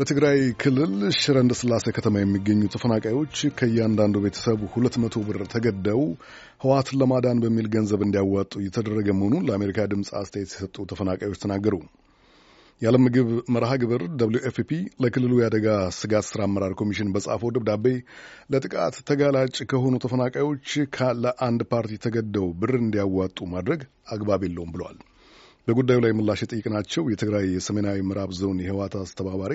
በትግራይ ክልል ሽረ እንዳስላሴ ከተማ የሚገኙ ተፈናቃዮች ከእያንዳንዱ ቤተሰብ ሁለት መቶ ብር ተገደው ህዋትን ለማዳን በሚል ገንዘብ እንዲያዋጡ እየተደረገ መሆኑን ለአሜሪካ ድምፅ አስተያየት የሰጡ ተፈናቃዮች ተናገሩ። የዓለም ምግብ መርሃ ግብር ደብሊው ኤፍ ፒ ለክልሉ የአደጋ ስጋት ስራ አመራር ኮሚሽን በጻፈው ደብዳቤ ለጥቃት ተጋላጭ ከሆኑ ተፈናቃዮች ለአንድ ፓርቲ ተገደው ብር እንዲያዋጡ ማድረግ አግባብ የለውም ብለዋል። በጉዳዩ ላይ ምላሽ የጠየቅናቸው የትግራይ የሰሜናዊ ምዕራብ ዞን የህወሓት አስተባባሪ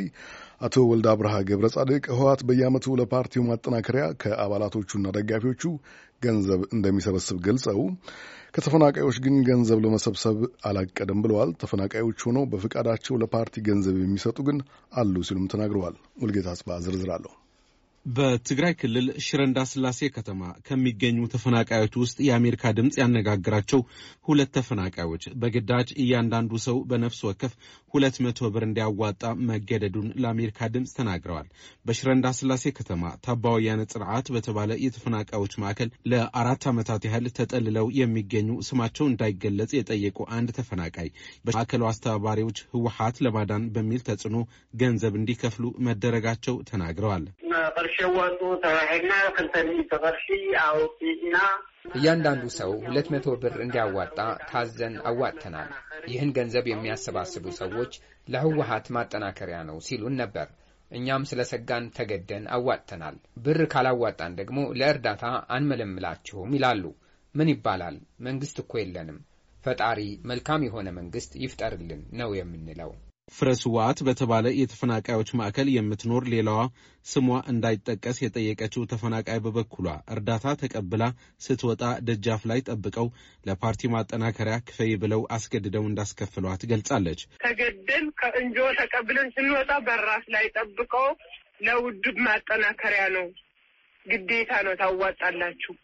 አቶ ወልደ አብርሃ ገብረ ጻድቅ ህወሓት በየዓመቱ ለፓርቲው ማጠናከሪያ ከአባላቶቹና ደጋፊዎቹ ገንዘብ እንደሚሰበስብ ገልጸው ከተፈናቃዮች ግን ገንዘብ ለመሰብሰብ አላቀደም ብለዋል። ተፈናቃዮች ሆነው በፈቃዳቸው ለፓርቲ ገንዘብ የሚሰጡ ግን አሉ ሲሉም ተናግረዋል። ሙልጌታ አጽባ ዝርዝር በትግራይ ክልል ሽረንዳ ስላሴ ከተማ ከሚገኙ ተፈናቃዮች ውስጥ የአሜሪካ ድምፅ ያነጋግራቸው ሁለት ተፈናቃዮች በግዳጅ እያንዳንዱ ሰው በነፍስ ወከፍ ሁለት መቶ ብር እንዲያዋጣ መገደዱን ለአሜሪካ ድምፅ ተናግረዋል። በሽረንዳ ስላሴ ከተማ ታባወያነ ጽርዓት በተባለ የተፈናቃዮች ማዕከል ለአራት ዓመታት ያህል ተጠልለው የሚገኙ ስማቸው እንዳይገለጽ የጠየቁ አንድ ተፈናቃይ በማዕከሉ አስተባባሪዎች ህወሀት ለማዳን በሚል ተጽዕኖ ገንዘብ እንዲከፍሉ መደረጋቸው ተናግረዋል። ሸወጡ ተባሒና ክልተ ሚኢተ ኣውፂኢና እያንዳንዱ ሰው ሁለት መቶ ብር እንዲያዋጣ ታዘን አዋጥተናል። ይህን ገንዘብ የሚያሰባስቡ ሰዎች ለህወሀት ማጠናከሪያ ነው ሲሉን ነበር። እኛም ስለ ሰጋን ተገደን አዋጥተናል። ብር ካላዋጣን ደግሞ ለእርዳታ አንመለምላችሁም ይላሉ። ምን ይባላል? መንግስት እኮ የለንም። ፈጣሪ መልካም የሆነ መንግስት ይፍጠርልን ነው የምንለው። ፍረስዋት በተባለ የተፈናቃዮች ማዕከል የምትኖር ሌላዋ ስሟ እንዳይጠቀስ የጠየቀችው ተፈናቃይ በበኩሏ እርዳታ ተቀብላ ስትወጣ ደጃፍ ላይ ጠብቀው ለፓርቲ ማጠናከሪያ ክፈይ ብለው አስገድደው እንዳስከፍሏ ትገልጻለች። ተገደን ከእንጆ ተቀብለን ስንወጣ በራፍ ላይ ጠብቀው ለውድብ ማጠናከሪያ ነው ግዴታ ነው ታዋጣላችሁ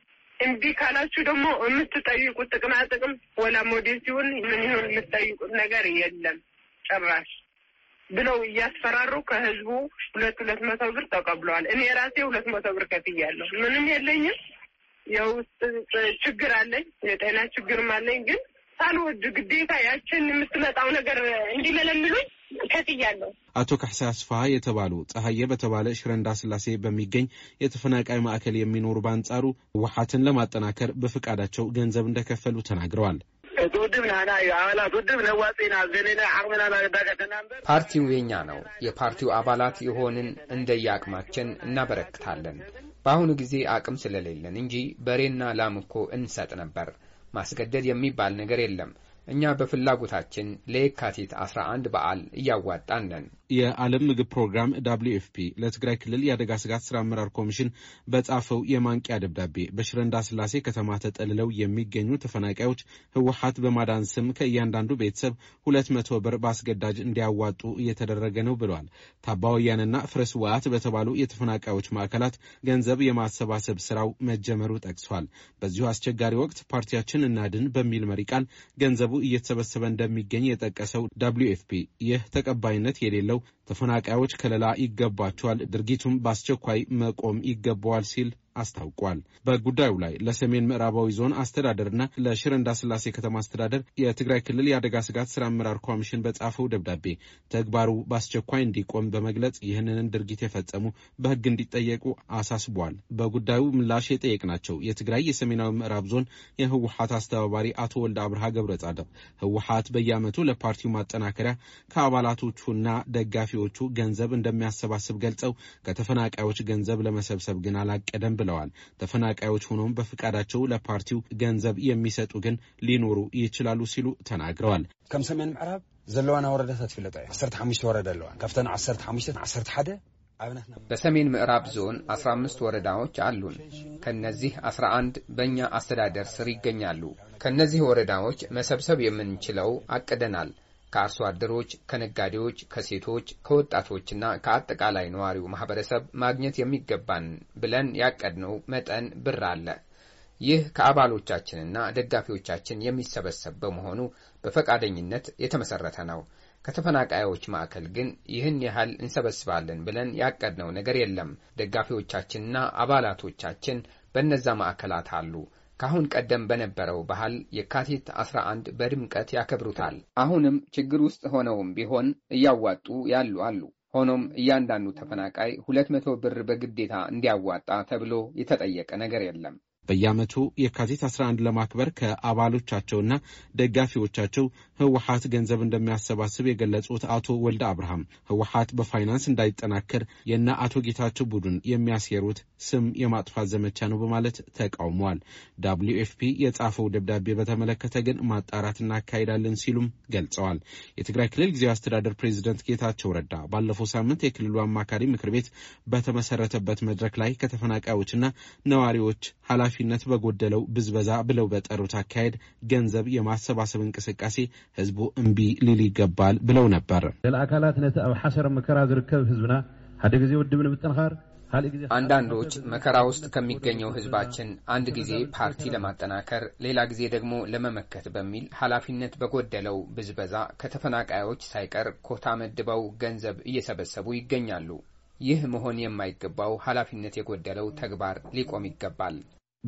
እምቢ ካላችሁ ደግሞ የምትጠይቁት ጥቅማጥቅም ወላ ሞዴ ሲሆን ምን ይሆን የምትጠይቁት ነገር የለም ጭራሽ ብለው እያስፈራሩ ከህዝቡ ሁለት ሁለት መቶ ብር ተቀብለዋል። እኔ ራሴ ሁለት መቶ ብር ከፍያለሁ። ምንም የለኝም። የውስጥ ችግር አለኝ፣ የጤና ችግርም አለኝ። ግን ሳልወድ ግዴታ ያችን የምትመጣው ነገር እንዲመለምሉኝ ከፍያለሁ። አቶ ካሕሳ አስፋ የተባሉ ፀሐየ በተባለ ሽረንዳ ስላሴ በሚገኝ የተፈናቃይ ማዕከል የሚኖሩ በአንጻሩ ውሓትን ለማጠናከር በፈቃዳቸው ገንዘብ እንደከፈሉ ተናግረዋል። ፓርቲው የኛ ነው። የፓርቲው አባላት የሆንን እንደየአቅማችን እናበረክታለን። በአሁኑ ጊዜ አቅም ስለሌለን እንጂ በሬና ላም እኮ እንሰጥ ነበር። ማስገደድ የሚባል ነገር የለም። እኛ በፍላጎታችን ለየካቲት 11 በዓል እያዋጣን ነን። የዓለም ምግብ ፕሮግራም ዳብሊው ኤፍፒ ለትግራይ ክልል የአደጋ ስጋት ስራ አመራር ኮሚሽን በጻፈው የማንቂያ ደብዳቤ በሽረንዳ ስላሴ ከተማ ተጠልለው የሚገኙ ተፈናቃዮች ህወሀት በማዳን ስም ከእያንዳንዱ ቤተሰብ ሁለት መቶ ብር በአስገዳጅ እንዲያዋጡ እየተደረገ ነው ብለዋል። ታባ ወያንና ፍረስ ዋዓት በተባሉ የተፈናቃዮች ማዕከላት ገንዘብ የማሰባሰብ ስራው መጀመሩ ጠቅሷል። በዚሁ አስቸጋሪ ወቅት ፓርቲያችን እናድን በሚል መሪ ቃል ገንዘብ ገንዘቡ እየተሰበሰበ እንደሚገኝ የጠቀሰው ደብልዩ ኤፍ ፒ ይህ ተቀባይነት የሌለው ተፈናቃዮች ከለላ ይገባቸዋል፣ ድርጊቱም በአስቸኳይ መቆም ይገባዋል ሲል አስታውቋል። በጉዳዩ ላይ ለሰሜን ምዕራባዊ ዞን አስተዳደርና ለሽረ እንዳስላሴ ከተማ አስተዳደር የትግራይ ክልል የአደጋ ስጋት ስራ አመራር ኮሚሽን በጻፈው ደብዳቤ ተግባሩ በአስቸኳይ እንዲቆም በመግለጽ ይህንን ድርጊት የፈጸሙ በሕግ እንዲጠየቁ አሳስቧል። በጉዳዩ ምላሽ የጠየቅናቸው የትግራይ የሰሜናዊ ምዕራብ ዞን የህወሀት አስተባባሪ አቶ ወልደ አብርሃ ገብረ ጻድቅ ህወሓት በየዓመቱ ለፓርቲው ማጠናከሪያ ከአባላቶቹና ደጋፊዎቹ ገንዘብ እንደሚያሰባስብ ገልጸው ከተፈናቃዮች ገንዘብ ለመሰብሰብ ግን አላቀደም ብለዋል። ተፈናቃዮች ሆኖም በፍቃዳቸው ለፓርቲው ገንዘብ የሚሰጡ ግን ሊኖሩ ይችላሉ ሲሉ ተናግረዋል። ከም ሰሜን ምዕራብ ዘለዋና ወረዳታት ይፍለጣ እዩ 15 ወረዳ ኣለዋ ካብተን 15 11 በሰሜን ምዕራብ ዞን 15 ወረዳዎች አሉን። ከነዚህ 11 በእኛ አስተዳደር ስር ይገኛሉ። ከነዚህ ወረዳዎች መሰብሰብ የምንችለው አቅደናል። ከአርሶ አደሮች፣ ከነጋዴዎች፣ ከሴቶች፣ ከወጣቶችና ከአጠቃላይ ነዋሪው ማህበረሰብ ማግኘት የሚገባን ብለን ያቀድነው መጠን ብር አለ። ይህ ከአባሎቻችንና ደጋፊዎቻችን የሚሰበሰብ በመሆኑ በፈቃደኝነት የተመሰረተ ነው። ከተፈናቃዮች ማዕከል ግን ይህን ያህል እንሰበስባለን ብለን ያቀድነው ነገር የለም። ደጋፊዎቻችንና አባላቶቻችን በእነዛ ማዕከላት አሉ። ካሁን ቀደም በነበረው ባህል የካቲት 11 በድምቀት ያከብሩታል። አሁንም ችግር ውስጥ ሆነውም ቢሆን እያዋጡ ያሉ አሉ። ሆኖም እያንዳንዱ ተፈናቃይ ሁለት መቶ ብር በግዴታ እንዲያዋጣ ተብሎ የተጠየቀ ነገር የለም። በየዓመቱ የካቲት 11 ለማክበር ከአባሎቻቸውና ደጋፊዎቻቸው ህወሀት ገንዘብ እንደሚያሰባስብ የገለጹት አቶ ወልደ አብርሃም ህወሀት በፋይናንስ እንዳይጠናከር የእነ አቶ ጌታቸው ቡድን የሚያሴሩት ስም የማጥፋት ዘመቻ ነው በማለት ተቃውመዋል። ዳብሊው ኤፍ ፒ የጻፈው ደብዳቤ በተመለከተ ግን ማጣራት እናካሄዳለን ሲሉም ገልጸዋል። የትግራይ ክልል ጊዜያዊ አስተዳደር ፕሬዚደንት ጌታቸው ረዳ ባለፈው ሳምንት የክልሉ አማካሪ ምክር ቤት በተመሰረተበት መድረክ ላይ ከተፈናቃዮችና ነዋሪዎች ኃላፊ ኃላፊነት በጎደለው ብዝበዛ ብለው በጠሩት አካሄድ ገንዘብ የማሰባሰብ እንቅስቃሴ ህዝቡ እምቢ ሊል ይገባል ብለው ነበር። አካላት ነቲ ኣብ ሓሰር መከራ ዝርከብ ህዝብና ሓደ ግዜ ውድብ ንምጥንኻር አንዳንዶች መከራ ውስጥ ከሚገኘው ህዝባችን አንድ ጊዜ ፓርቲ ለማጠናከር ሌላ ጊዜ ደግሞ ለመመከት በሚል ኃላፊነት በጎደለው ብዝበዛ ከተፈናቃዮች ሳይቀር ኮታ መድበው ገንዘብ እየሰበሰቡ ይገኛሉ። ይህ መሆን የማይገባው ኃላፊነት የጎደለው ተግባር ሊቆም ይገባል።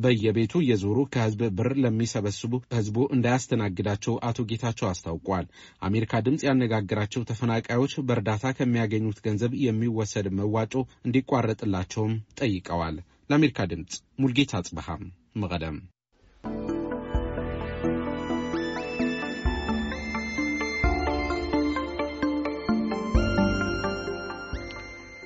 በየቤቱ የዞሩ ከህዝብ ብር ለሚሰበስቡ ህዝቡ እንዳያስተናግዳቸው አቶ ጌታቸው አስታውቋል። አሜሪካ ድምፅ ያነጋግራቸው ተፈናቃዮች በእርዳታ ከሚያገኙት ገንዘብ የሚወሰድ መዋጮ እንዲቋረጥላቸውም ጠይቀዋል። ለአሜሪካ ድምፅ ሙልጌታ አጽበሃም መቀደም